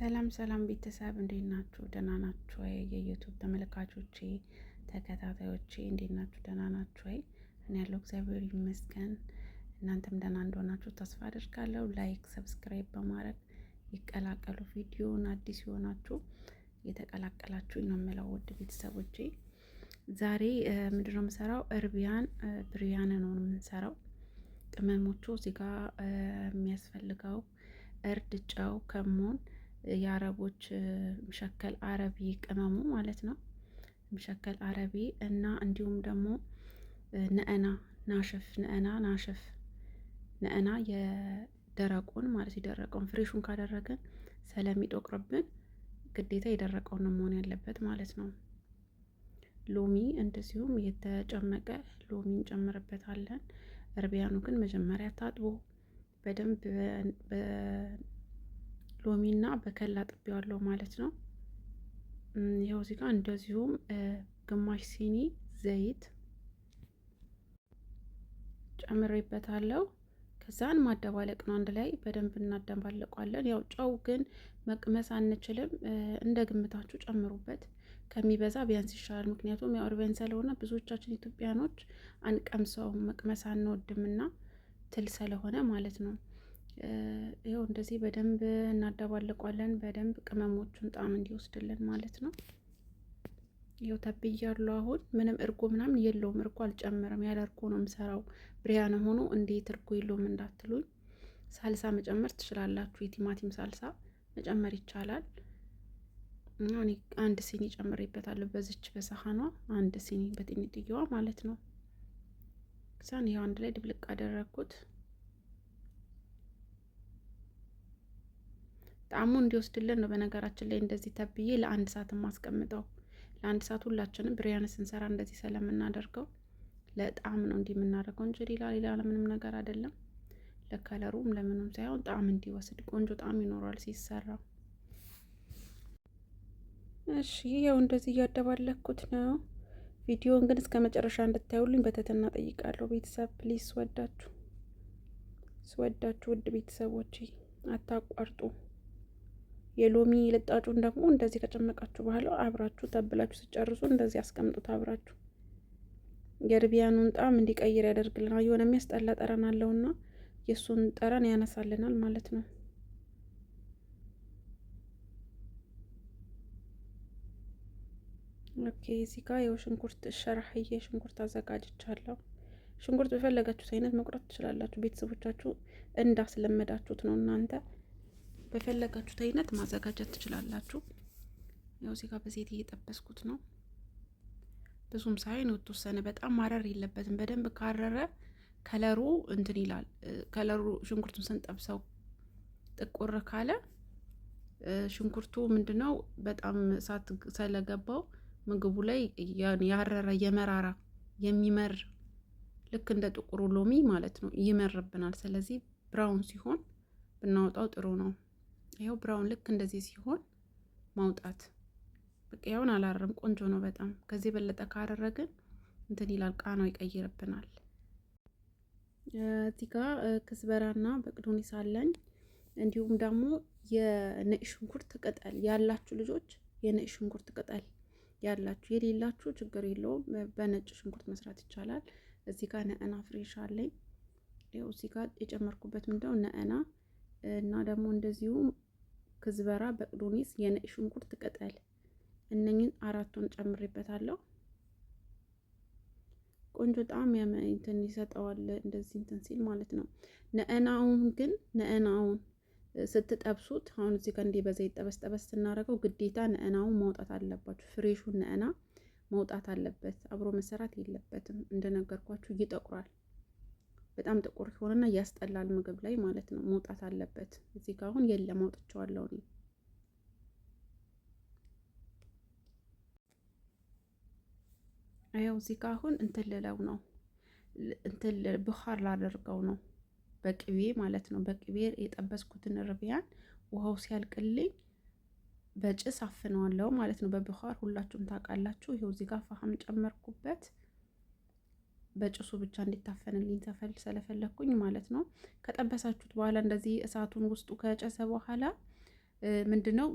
ሰላም ሰላም ቤተሰብ እንዴት ናችሁ? ደህና ናችሁ ወይ? የዩቱብ ተመልካቾቼ ተከታታዮቼ እንዴት ናችሁ? ደህና ናችሁ ወይ? እኔ ያለው እግዚአብሔር ይመስገን፣ እናንተም ደህና እንደሆናችሁ ተስፋ አድርጋለሁ። ላይክ ሰብስክራይብ በማድረግ ይቀላቀሉ። ቪዲዮውን አዲስ የሆናችሁ እየተቀላቀላችሁ ነው የምለው ውድ ቤተሰቦቼ። ዛሬ ምንድን ነው የምሰራው? እርቢያን ብሪያን ነው የምንሰራው። ቅመሞቹ እዚህ ጋር የሚያስፈልገው እርድ፣ ጨው፣ የአረቦች ምሸከል አረቢ ቅመሙ ማለት ነው። ምሸከል አረቢ እና እንዲሁም ደግሞ ነዕና ናሸፍ፣ ነዕና ናሸፍ፣ ነዕና የደረቁን ማለት የደረቀውን ፍሬሹን ካደረገን ስለሚጦቅርብን ግዴታ የደረቀውን ነው መሆን ያለበት ማለት ነው። ሎሚ እንደዚሁም የተጨመቀ ሎሚ እንጨምርበታለን። እርቢያኑ ግን መጀመሪያ ታጥቦ በደንብ ሎሚና በከላ ጥቤዋለሁ ማለት ነው። ይኸው እዚህ ጋር እንደዚሁም ግማሽ ሲኒ ዘይት ጨምሬበታለሁ። ከዛን ማደባለቅ ነው። አንድ ላይ በደንብ እናደባለቋለን። ያው ጨው ግን መቅመስ አንችልም። እንደ ግምታችሁ ጨምሩበት። ከሚበዛ ቢያንስ ይሻላል። ምክንያቱም ያው እርበን ስለሆነ ብዙዎቻችን ኢትዮጵያኖች አንቀምሰው መቅመስ አንወድምና ትል ስለሆነ ማለት ነው። ይኸው እንደዚህ በደንብ እናደባልቋለን። በደንብ ቅመሞቹን ጣዕም እንዲወስድልን ማለት ነው። ይኸው ተብያለሁ። አሁን ምንም እርጎ ምናምን የለውም። እርጎ አልጨምርም። ያለ እርጎ ነው የምሰራው። ብሪያነ ሆኖ እንዴት እርጎ የለውም እንዳትሉኝ፣ ሳልሳ መጨመር ትችላላችሁ። የቲማቲም ሳልሳ መጨመር ይቻላል። እኔ አንድ ሲኒ ጨምሬበታለሁ። በዚች በሰሃኗ አንድ ሲኒ በጤንጥየዋ ማለት ነው። ሳን ይኸው አንድ ላይ ድብልቅ አደረግኩት። ጣዕሙ እንዲወስድልን ነው። በነገራችን ላይ እንደዚህ ተብዬ ለአንድ ሰዓት ማስቀምጠው ለአንድ ሰዓት ሁላችንም ብሪያኒ ስንሰራ እንደዚህ ስለምናደርገው ለጣዕም ነው እንዲህ የምናደርገው እንጂ ሌላ ሌላ ለምንም ነገር አይደለም። ለከለሩም ለምንም ሳይሆን ጣዕም እንዲወስድ ቆንጆ ጣዕም ይኖረዋል ሲሰራ። እሺ ያው እንደዚህ እያደባለኩት ነው። ቪዲዮን ግን እስከ መጨረሻ እንድታዩልኝ በትህትና ጠይቃለሁ። ቤተሰብ ፕሊዝ፣ ስወዳችሁ ስወዳችሁ ውድ ቤተሰቦች አታቋርጡ። የሎሚ ልጣጩን ደግሞ እንደዚህ ከጨመቃችሁ በኋላ አብራችሁ ተብላችሁ ስጨርሱ እንደዚህ አስቀምጡት አብራችሁ። የእርቢያኑን ጣዕም እንዲቀይር ያደርግልናል። የሆነ የሚያስጠላ ጠረን አለውና የእሱን ጠረን ያነሳልናል ማለት ነው። ኦኬ እዚህ ጋር ያው ሽንኩርት ሸራህዬ ሽንኩርት አዘጋጅቻለሁ። ሽንኩርት በፈለጋችሁት አይነት መቁረጥ ትችላላችሁ። ቤተሰቦቻችሁ እንዳስለመዳችሁት ነው እናንተ በፈለጋችሁት አይነት ማዘጋጀት ትችላላችሁ። ያው እዚህ ጋር በዘይት እየጠበስኩት ነው። ብዙም ሳይሆን የተወሰነ በጣም ማረር የለበትም። በደንብ ካረረ ከለሩ እንትን ይላል። ከለሩ ሽንኩርቱን ስንጠብሰው ጥቁር ካለ ሽንኩርቱ ምንድነው በጣም እሳት ስለገባው ምግቡ ላይ ያረረ የመራራ የሚመር ልክ እንደ ጥቁሩ ሎሚ ማለት ነው ይመርብናል። ስለዚህ ብራውን ሲሆን ብናወጣው ጥሩ ነው። ይኸው ብራውን ልክ እንደዚህ ሲሆን ማውጣት በቃ ይኸውን አላረም። ቆንጆ ነው በጣም ከዚህ የበለጠ ካደረግን እንትን ይላል ቃናው ይቀይርብናል። እዚጋ ጋር ክዝበራና አለኝ። እንዲሁም ደግሞ የነጭ ሽንኩርት ቅጠል ያላችሁ ልጆች የነጭ ሽንኩርት ቅጠል ያላችሁ፣ የሌላችሁ ችግር የለውም በነጭ ሽንኩርት መስራት ይቻላል። እዚህ ጋር ነዕና ፍሬሽ አለኝ። እዚህ ጋር የጨመርኩበት ምንድነው ነዕና እና ደግሞ እንደዚሁም ክዝበራ፣ በቅዶኔስ፣ የነጭ ሽንኩርት ቅጠል እነኝን አራቱን ጨምሬበታለሁ። ቆንጆ ጣዕም እንትን ይሰጠዋል። እንደዚህ እንትን ሲል ማለት ነው። ነአናውን ግን ነአናውን ስትጠብሱት አሁን እዚህ ጋር እንዲህ በዘይት ጠበስ ጠበስ ስናደርገው ግዴታ ነእናውን መውጣት አለባችሁ። ፍሬሹን ነአና መውጣት አለበት። አብሮ መሰራት የለበትም። እንደነገርኳችሁ ይጠቁራል። በጣም ጥቁር ሲሆንና ያስጠላል ምግብ ላይ ማለት ነው። መውጣት አለበት። እዚህ ጋር አሁን የለም አውጥቼዋለሁ እኔ ያው እዚህ ጋር አሁን እንትን ልለው ነው እንትን ብኻር ላደርገው ነው በቅቤ ማለት ነው። በቅቤ የጠበስኩትን ርብያን ውሃው ሲያልቅልኝ በጭስ አፍነዋለሁ ማለት ነው። በብኻር ሁላችሁም ታውቃላችሁ። ይኸው እዚህ ጋር ፋህም ጨመርኩበት። በጭሱ ብቻ እንዲታፈንልኝ ተፈል ስለፈለግኩኝ ማለት ነው። ከጠበሳችሁት በኋላ እንደዚህ እሳቱን ውስጡ ከጨሰ በኋላ ምንድነው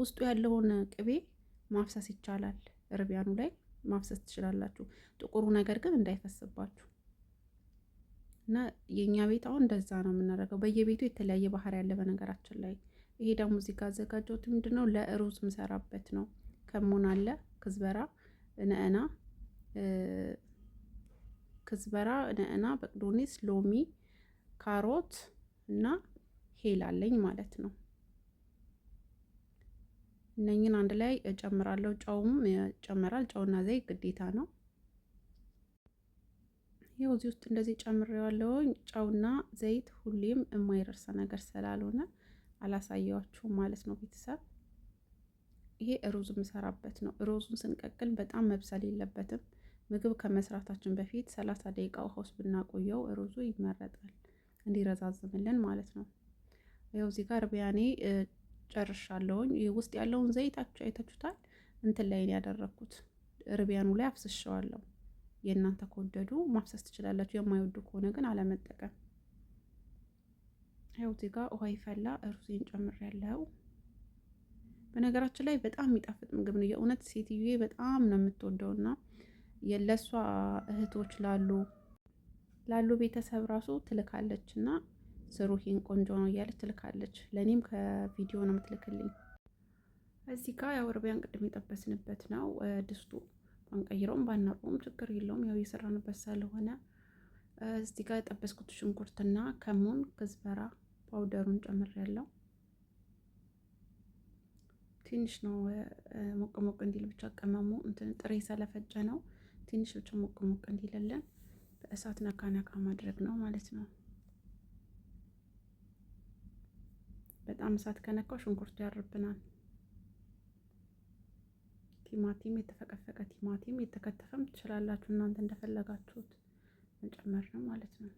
ውስጡ ያለውን ቅቤ ማፍሰስ ይቻላል። እርቢያኑ ላይ ማፍሰስ ትችላላችሁ። ጥቁሩ ነገር ግን እንዳይፈስባችሁ እና የእኛ ቤት አሁን እንደዛ ነው የምናደርገው። በየቤቱ የተለያየ ባህር ያለ በነገራችን ላይ ይሄ ደግሞ እዚህ ጋር አዘጋጀሁት። ነው ለሩዝ ምሰራበት ነው። ከሞን አለ ክዝበራ፣ ነእና ክዝበራ እና በቅዶኔስ፣ ሎሚ፣ ካሮት እና ሄል አለኝ ማለት ነው። እነኝን አንድ ላይ እጨምራለሁ። ጨውም ይጨመራል። ጨውና ዘይት ግዴታ ነው። ይኸው እዚህ ውስጥ እንደዚህ ጨምሬዋለሁኝ። ጨውና ዘይት ሁሌም የማይረሳ ነገር ስላልሆነ አላሳየዋችሁም ማለት ነው ቤተሰብ። ይሄ ሩዝ የምሰራበት ነው። ሩዙን ስንቀቅል በጣም መብሰል የለበትም። ምግብ ከመስራታችን በፊት ሰላሳ ደቂቃ ውሃ ውስጥ ብናቆየው ሩዙ ይመረጣል፣ እንዲረዛዝምልን ማለት ነው። ያው እዚህ ጋር ቢያኔ ጨርሻለሁኝ። ውስጥ ያለውን ዘይት አይታችሁታል። እንትን ላይ ያደረግኩት ርቢያኑ ላይ አፍስሸዋለሁ። የእናንተ ከወደዱ ማፍሰስ ትችላላችሁ። የማይወዱ ከሆነ ግን አለመጠቀም። ያው እዚህ ጋር ውሃ ይፈላ፣ ሩዙን ጨምሬያለሁ። በነገራችን ላይ በጣም የሚጣፍጥ ምግብ ነው የእውነት ሴትዬ በጣም ነው የምትወደውና ለእሷ እህቶች ላሉ ላሉ ቤተሰብ ራሱ ትልካለች እና ስሩሂን ቆንጆ ነው እያለች ትልካለች። ለእኔም ከቪዲዮ ነው የምትልክልኝ። እዚህ ጋር ያው ቅድም የጠበስንበት ነው ድስቱ ባንቀይረውም ባናቀውም ችግር የለውም። ያው እየሰራንበት ስለሆነ እዚህ ጋር የጠበስኩት ሽንኩርትና ከሙን ክዝበራ ፓውደሩን ጨምሬያለሁ። ትንሽ ነው ሞቅ ሞቅ እንዲል ብቻ ቅመሙ እንትን ጥሬ ስለፈጨ ነው። ትንሽ ብቻ ሞቅ ሞቅ እንዲለለን በእሳት ነካ ነካ ማድረግ ነው ማለት ነው። በጣም እሳት ከነካው ሽንኩርቱ ያርብናል። ቲማቲም፣ የተፈቀፈቀ ቲማቲም የተከተፈም ትችላላችሁ እናንተ እንደፈለጋችሁት መጨመር ነው ማለት ነው።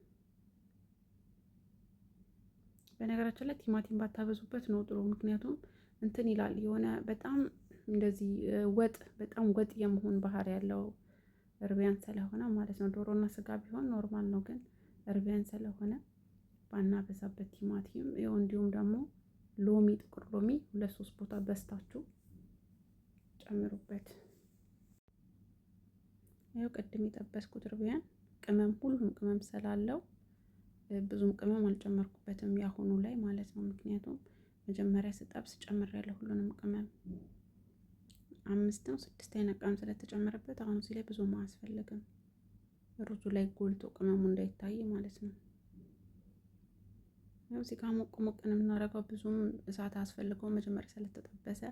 በነገራችን ላይ ቲማቲም ባታበዙበት ነው ጥሩ። ምክንያቱም እንትን ይላል የሆነ በጣም እንደዚህ ወጥ በጣም ወጥ የመሆን ባህሪ ያለው እርቢያን ስለሆነ ማለት ነው። ዶሮና ስጋ ቢሆን ኖርማል ነው፣ ግን እርቢያን ስለሆነ ባናበዛበት ቲማቲም ይኸው። እንዲሁም ደግሞ ሎሚ፣ ጥቁር ሎሚ ሁለት ሶስት ቦታ በስታችሁ ጨምሩበት። ይኸው ቅድም የጠበስኩት እርቢያን ቅመም፣ ሁሉም ቅመም ስላለው ብዙም ቅመም አልጨመርኩበትም ያሁኑ ላይ ማለት ነው። ምክንያቱም መጀመሪያ ስጠብስ ጨምሬያለሁ ሁሉንም ቅመም አምስት ነው ስድስት አይነት ቅመም ስለተጨመረበት አሁን እዚህ ላይ ብዙም አያስፈልግም። ሩዙ ላይ ጎልቶ ቅመሙ እንዳይታይ ማለት ነው። ያው ሲካ ሞቅ ሞቅ ነው የምናደርገው። ብዙም እሳት አስፈልገው መጀመሪያ ስለተጠበሰ።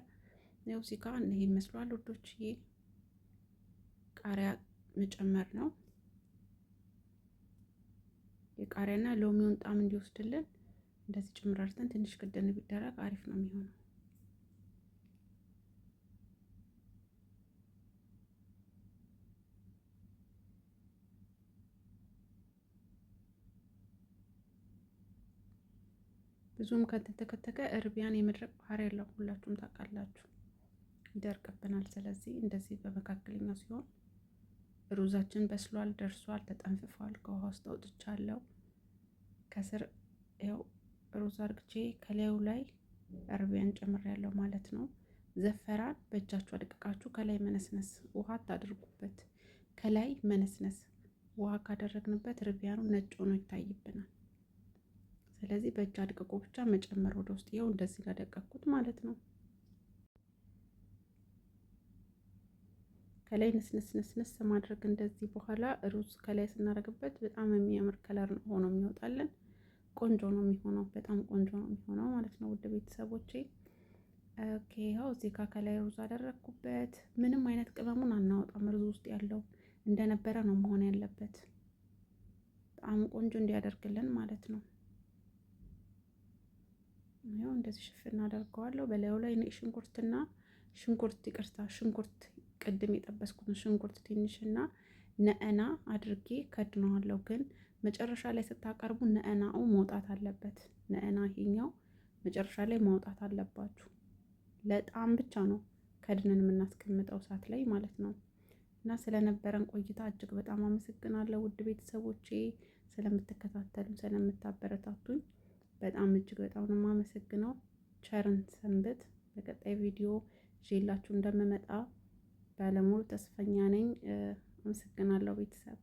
ያው ሲካ እንዲህ ይመስሏል ውዶች። ይሄ ቃሪያ መጨመር ነው። የቃሪያና ሎሚውን ጣም እንዲወስድልን እንደዚህ ጭምር አድርገን ትንሽ ክደን ቢደረግ አሪፍ ነው የሚሆነው። ብዙም ከተንተከተከ እርቢያን የመድረቅ ባህሪ ያለው ሁላችሁም ታውቃላችሁ፣ ይደርቅብናል። ስለዚህ እንደዚህ በመካከለኛ ሲሆን ሩዛችን በስሏል፣ ደርሷል፣ ተጠንፍፏል። ከውሃ ውስጥ አውጥቻለሁ። ከስር ያው ሩዝ አርግቼ ከላዩ ላይ እርቢያን ጨምሬያለሁ ማለት ነው። ዘፈራን በእጃችሁ አድቅቃችሁ ከላይ መነስነስ፣ ውሃ አታድርጉበት። ከላይ መነስነስ ውሃ ካደረግንበት እርቢያኑ ነጭ ሆኖ ይታይብናል። ስለዚህ በእጅ አድቅቆ ብቻ መጨመር ወደ ውስጥ ይኸው እንደዚህ ለደቀኩት ማለት ነው። ከላይ ንስንስንስንስ ማድረግ እንደዚህ በኋላ ሩዝ ከላይ ስናደርግበት በጣም የሚያምር ከለር ሆኖ የሚወጣለን። ቆንጆ ነው የሚሆነው፣ በጣም ቆንጆ ነው የሚሆነው ማለት ነው። ውድ ቤተሰቦቼ ኦኬ፣ ይኸው እዚህ ጋር ከላይ ሩዝ አደረግኩበት። ምንም አይነት ቅመሙን አናወጣም። ሩዝ ውስጥ ያለው እንደነበረ ነው መሆን ያለበት። በጣም ቆንጆ እንዲያደርግልን ማለት ነው። ያው እንደዚህ ሽፍን አደርገዋለሁ። በላዩ ላይ ነጭ ሽንኩርትና ሽንኩርት ይቅርታ፣ ሽንኩርት ቅድም የጠበስኩትን ሽንኩርት ትንሽና ነእና አድርጌ ከድነዋለሁ። ግን መጨረሻ ላይ ስታቀርቡ ነዕናው መውጣት አለበት። ነዕና ይሄኛው መጨረሻ ላይ ማውጣት አለባችሁ። ለጣም ብቻ ነው ከድነን የምናስቀምጠው እሳት ላይ ማለት ነው። እና ስለነበረን ቆይታ እጅግ በጣም አመሰግናለሁ ውድ ቤተሰቦቼ ስለምትከታተሉ ስለምታበረታቱኝ በጣም እጅግ በጣም ነው የማመሰግነው። ቸርን ሰንብት። በቀጣይ ቪዲዮ ይዤላችሁ እንደምመጣ ባለሙሉ ተስፈኛ ነኝ። አመሰግናለሁ ቤተሰብ።